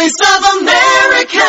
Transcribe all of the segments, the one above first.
Voice of America.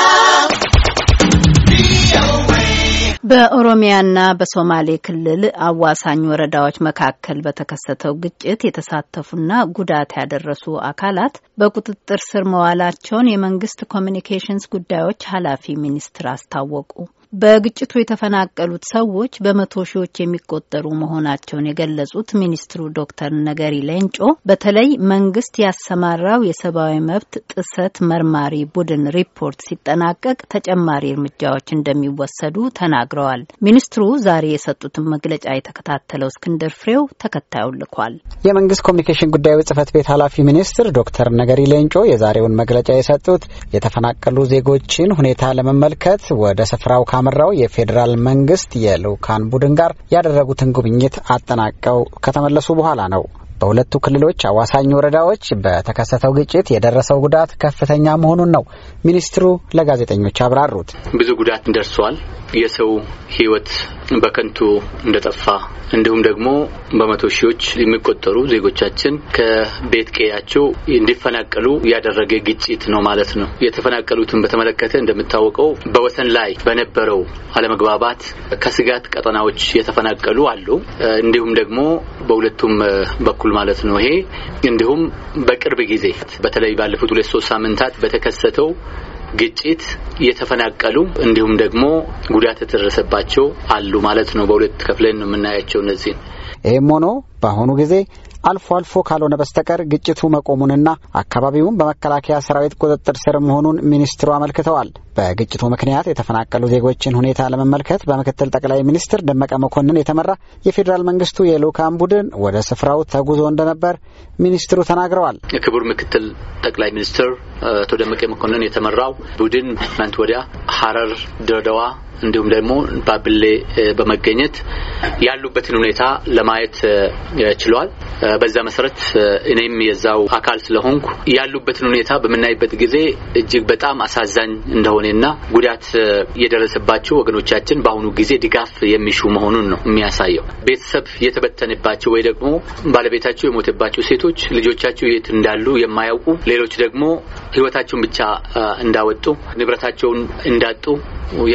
በኦሮሚያና በሶማሌ ክልል አዋሳኝ ወረዳዎች መካከል በተከሰተው ግጭት የተሳተፉና ጉዳት ያደረሱ አካላት በቁጥጥር ስር መዋላቸውን የመንግስት ኮሚኒኬሽንስ ጉዳዮች ኃላፊ ሚኒስትር አስታወቁ። በግጭቱ የተፈናቀሉት ሰዎች በመቶ ሺዎች የሚቆጠሩ መሆናቸውን የገለጹት ሚኒስትሩ ዶክተር ነገሪ ሌንጮ በተለይ መንግስት ያሰማራው የሰብአዊ መብት ጥሰት መርማሪ ቡድን ሪፖርት ሲጠናቀቅ ተጨማሪ እርምጃዎች እንደሚወሰዱ ተናግረዋል። ሚኒስትሩ ዛሬ የሰጡትን መግለጫ የተከታተለው እስክንድር ፍሬው ተከታዩን ልኳል። የመንግስት ኮሚኒኬሽን ጉዳዮች ጽህፈት ቤት ኃላፊ ሚኒስትር ዶክተር ነገሪ ሌንጮ የዛሬውን መግለጫ የሰጡት የተፈናቀሉ ዜጎችን ሁኔታ ለመመልከት ወደ ስፍራው ካመራው የፌዴራል መንግስት የልኡካን ቡድን ጋር ያደረጉትን ጉብኝት አጠናቀው ከተመለሱ በኋላ ነው። በሁለቱ ክልሎች አዋሳኝ ወረዳዎች በተከሰተው ግጭት የደረሰው ጉዳት ከፍተኛ መሆኑን ነው ሚኒስትሩ ለጋዜጠኞች አብራሩት። ብዙ ጉዳት ደርሷል። የሰው ሕይወት በከንቱ እንደጠፋ እንዲሁም ደግሞ በመቶ ሺዎች የሚቆጠሩ ዜጎቻችን ከቤት ቀያቸው እንዲፈናቀሉ ያደረገ ግጭት ነው ማለት ነው። የተፈናቀሉትን በተመለከተ እንደሚታወቀው በወሰን ላይ በነበረው አለመግባባት ከስጋት ቀጠናዎች የተፈናቀሉ አሉ። እንዲሁም ደግሞ በሁለቱም በኩል በኩል ማለት ነው። ይሄ እንዲሁም በቅርብ ጊዜ በተለይ ባለፉት ሁለት ሶስት ሳምንታት በተከሰተው ግጭት የተፈናቀሉ እንዲሁም ደግሞ ጉዳት የተደረሰባቸው አሉ ማለት ነው። በሁለት ከፍለን ነው የምናያቸው እነዚህን ይህም ሆኖ በአሁኑ ጊዜ አልፎ አልፎ ካልሆነ በስተቀር ግጭቱ መቆሙንና አካባቢውም በመከላከያ ሰራዊት ቁጥጥር ስር መሆኑን ሚኒስትሩ አመልክተዋል። በግጭቱ ምክንያት የተፈናቀሉ ዜጎችን ሁኔታ ለመመልከት በምክትል ጠቅላይ ሚኒስትር ደመቀ መኮንን የተመራ የፌዴራል መንግስቱ የልዑካን ቡድን ወደ ስፍራው ተጉዞ እንደነበር ሚኒስትሩ ተናግረዋል። ክቡር ምክትል ጠቅላይ ሚኒስትር አቶ ደመቀ መኮንን የተመራው ቡድን ትናንት ወዲያ ሐረር፣ ድሬዳዋ እንዲሁም ደግሞ ባብሌ በመገኘት ያሉበትን ሁኔታ ለማየት ችሏል። በዛ መሰረት እኔም የዛው አካል ስለሆንኩ ያሉበትን ሁኔታ በምናይበት ጊዜ እጅግ በጣም አሳዛኝ እንደሆነና ጉዳት የደረሰባቸው ወገኖቻችን በአሁኑ ጊዜ ድጋፍ የሚሹ መሆኑን ነው የሚያሳየው። ቤተሰብ የተበተነባቸው ወይ ደግሞ ባለቤታቸው የሞተባቸው ሴቶች ልጆቻቸው የት እንዳሉ የማያውቁ ሌሎች ደግሞ ሕይወታቸውን ብቻ እንዳወጡ ንብረታቸውን እንዳጡ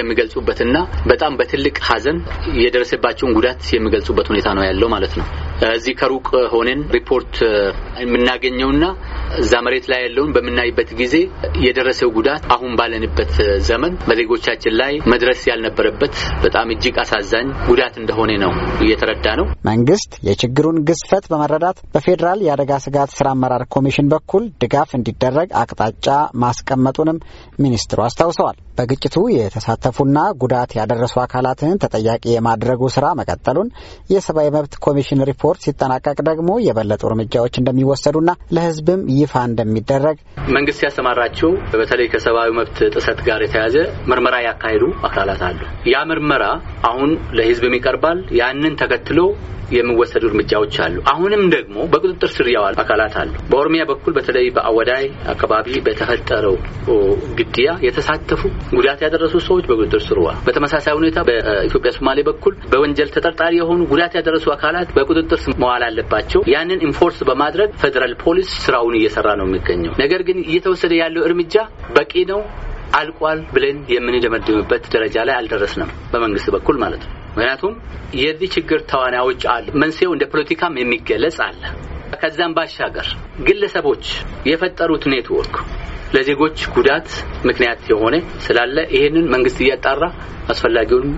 የሚገልጹበትና በጣም በትልቅ ሐዘን የደረሰባቸውን ጉዳት የሚገልጹበት ሁኔታ ነው ያለው ማለት ነው። እዚህ ከሩቅ ሆነን ሪፖርት የምናገኘውና እዛ መሬት ላይ ያለውን በምናይበት ጊዜ የደረሰው ጉዳት አሁን ባለንበት ዘመን በዜጎቻችን ላይ መድረስ ያልነበረበት በጣም እጅግ አሳዛኝ ጉዳት እንደሆነ ነው እየተረዳ ነው። መንግስት የችግሩን ግዝፈት በመረዳት በፌዴራል የአደጋ ስጋት ስራ አመራር ኮሚሽን በኩል ድጋፍ እንዲደረግ አቅጣጫ ማስቀመጡንም ሚኒስትሩ አስታውሰዋል። በግጭቱ የተሳተፉና ጉዳት ያደረሱ አካላትን ተጠያቂ የማድረጉ ስራ መቀጠሉን፣ የሰብአዊ መብት ኮሚሽን ሪፖርት ሲጠናቀቅ ደግሞ የበለጡ እርምጃዎች እንደሚወሰዱና ለህዝብም ይፋ እንደሚደረግ መንግስት ያሰማራቸው በተለይ ከሰብአዊ መብት ጥሰት ጋር የተያዘ ምርመራ ያካሄዱ አካላት አሉ። ያ ምርመራ አሁን ለህዝብም ይቀርባል። ያንን ተከትሎ የሚወሰዱ እርምጃዎች አሉ። አሁንም ደግሞ በቁጥጥር ስር ያዋሉ አካላት አሉ። በኦሮሚያ በኩል በተለይ በአወዳይ አካባቢ በተፈጠረው ግድያ የተሳተፉ ጉዳት ያደረሱ ሰዎች በቁጥጥር ስር ውለዋል። በተመሳሳይ ሁኔታ በኢትዮጵያ ሶማሌ በኩል በወንጀል ተጠርጣሪ የሆኑ ጉዳት ያደረሱ አካላት በቁጥጥር ስር መዋል አለባቸው። ያንን ኢንፎርስ በማድረግ ፌዴራል ፖሊስ ስራውን እየሰራ ነው የሚገኘው። ነገር ግን እየተወሰደ ያለው እርምጃ በቂ ነው አልቋል ብለን የምንደመድምበት ደረጃ ላይ አልደረስንም፣ በመንግስት በኩል ማለት ነው። ምክንያቱም የዚህ ችግር ተዋናዮች አሉ። መንስኤው እንደ ፖለቲካም የሚገለጽ አለ። ከዛም ባሻገር ግለሰቦች የፈጠሩት ኔትወርክ ለዜጎች ጉዳት ምክንያት የሆነ ስላለ ይሄንን መንግስት እያጣራ አስፈላጊውን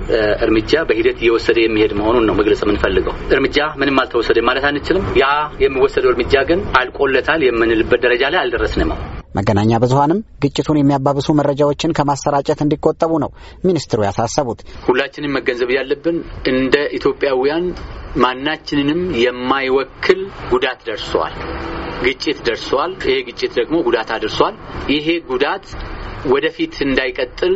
እርምጃ በሂደት እየወሰደ የሚሄድ መሆኑን ነው መግለጽ የምንፈልገው። እርምጃ ምንም አልተወሰደ ማለት አንችልም። ያ የሚወሰደው እርምጃ ግን አልቆለታል የምንልበት ደረጃ ላይ አልደረስንም። መገናኛ ብዙሀንም ግጭቱን የሚያባብሱ መረጃዎችን ከማሰራጨት እንዲቆጠቡ ነው ሚኒስትሩ ያሳሰቡት። ሁላችንም መገንዘብ ያለብን እንደ ኢትዮጵያውያን ማናችንንም የማይወክል ጉዳት ደርሷል፣ ግጭት ደርሷል። ይሄ ግጭት ደግሞ ጉዳት አድርሷል። ይሄ ጉዳት ወደፊት እንዳይቀጥል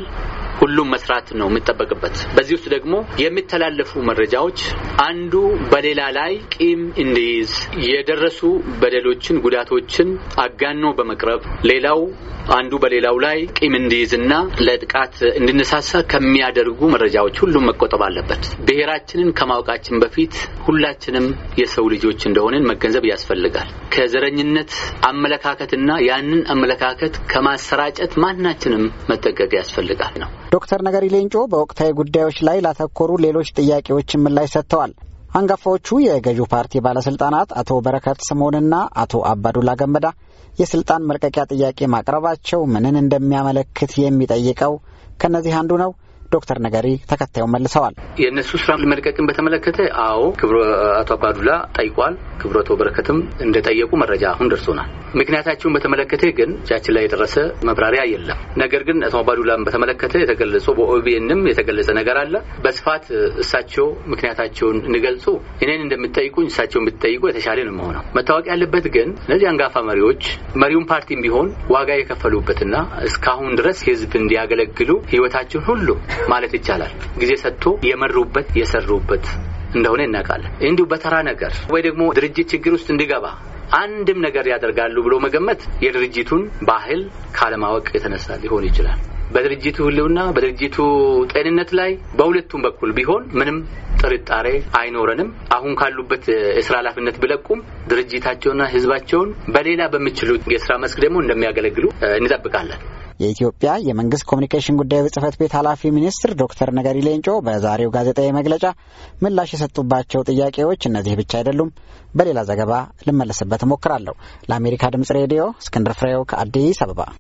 ሁሉም መስራት ነው የሚጠበቅበት። በዚህ ውስጥ ደግሞ የሚተላለፉ መረጃዎች አንዱ በሌላ ላይ ቂም እንዲይዝ የደረሱ በደሎችን፣ ጉዳቶችን አጋኖ በመቅረብ ሌላው አንዱ በሌላው ላይ ቂም እንዲይዝና ለጥቃት እንድነሳሳ ከሚያደርጉ መረጃዎች ሁሉም መቆጠብ አለበት። ብሔራችንን ከማወቃችን በፊት ሁላችንም የሰው ልጆች እንደሆንን መገንዘብ ያስፈልጋል። ከዘረኝነት አመለካከትና ያንን አመለካከት ከማሰራጨት ማናችንም መጠገግ ያስፈልጋል ነው። ዶክተር ነገሪ ሌንጮ በወቅታዊ ጉዳዮች ላይ ላተኮሩ ሌሎች ጥያቄዎች ምላሽ ሰጥተዋል። አንጋፋዎቹ የገዢው ፓርቲ ባለስልጣናት አቶ በረከት ስምዖንና አቶ አባዱላ ገመዳ የስልጣን መልቀቂያ ጥያቄ ማቅረባቸው ምንን እንደሚያመለክት የሚጠይቀው ከእነዚህ አንዱ ነው። ዶክተር ነገሪ ተከታዩን መልሰዋል። የእነሱ ስራ መልቀቅን በተመለከተ አዎ ክብሮ አቶ አባዱላ ጠይቋል። ክብሮ አቶ በረከትም እንደጠየቁ መረጃ አሁን ደርሶናል። ምክንያታቸውን በተመለከተ ግን እጃችን ላይ የደረሰ መብራሪያ የለም። ነገር ግን አቶ አባዱላን በተመለከተ የተገለጹ በኦቢኤንም የተገለጸ ነገር አለ። በስፋት እሳቸው ምክንያታቸውን እንገልጹ። እኔን እንደምትጠይቁኝ እሳቸውን ብትጠይቁ የተሻለ ነው መሆነው። መታወቅ ያለበት ግን እነዚህ አንጋፋ መሪዎች መሪውን ፓርቲም ቢሆን ዋጋ የከፈሉበትና እስካሁን ድረስ ህዝብ እንዲያገለግሉ ህይወታቸውን ሁሉ ማለት ይቻላል ጊዜ ሰጥቶ የመሩበት የሰሩበት እንደሆነ እናውቃለን። እንዲሁ በተራ ነገር ወይ ደግሞ ድርጅት ችግር ውስጥ እንዲገባ አንድም ነገር ያደርጋሉ ብሎ መገመት የድርጅቱን ባህል ካለማወቅ የተነሳ ሊሆን ይችላል። በድርጅቱ ህልውና፣ በድርጅቱ ጤንነት ላይ በሁለቱም በኩል ቢሆን ምንም ጥርጣሬ አይኖረንም። አሁን ካሉበት የስራ ኃላፊነት ቢለቁም ድርጅታቸውና ህዝባቸውን በሌላ በሚችሉት የስራ መስክ ደግሞ እንደሚያገለግሉ እንጠብቃለን። የኢትዮጵያ የመንግስት ኮሚኒኬሽን ጉዳዮች ጽህፈት ቤት ኃላፊ ሚኒስትር ዶክተር ነገሪ ሌንጮ በዛሬው ጋዜጣዊ መግለጫ ምላሽ የሰጡባቸው ጥያቄዎች እነዚህ ብቻ አይደሉም። በሌላ ዘገባ ልመለስበት እሞክራለሁ። ለአሜሪካ ድምጽ ሬዲዮ እስክንድር ፍሬው ከአዲስ አበባ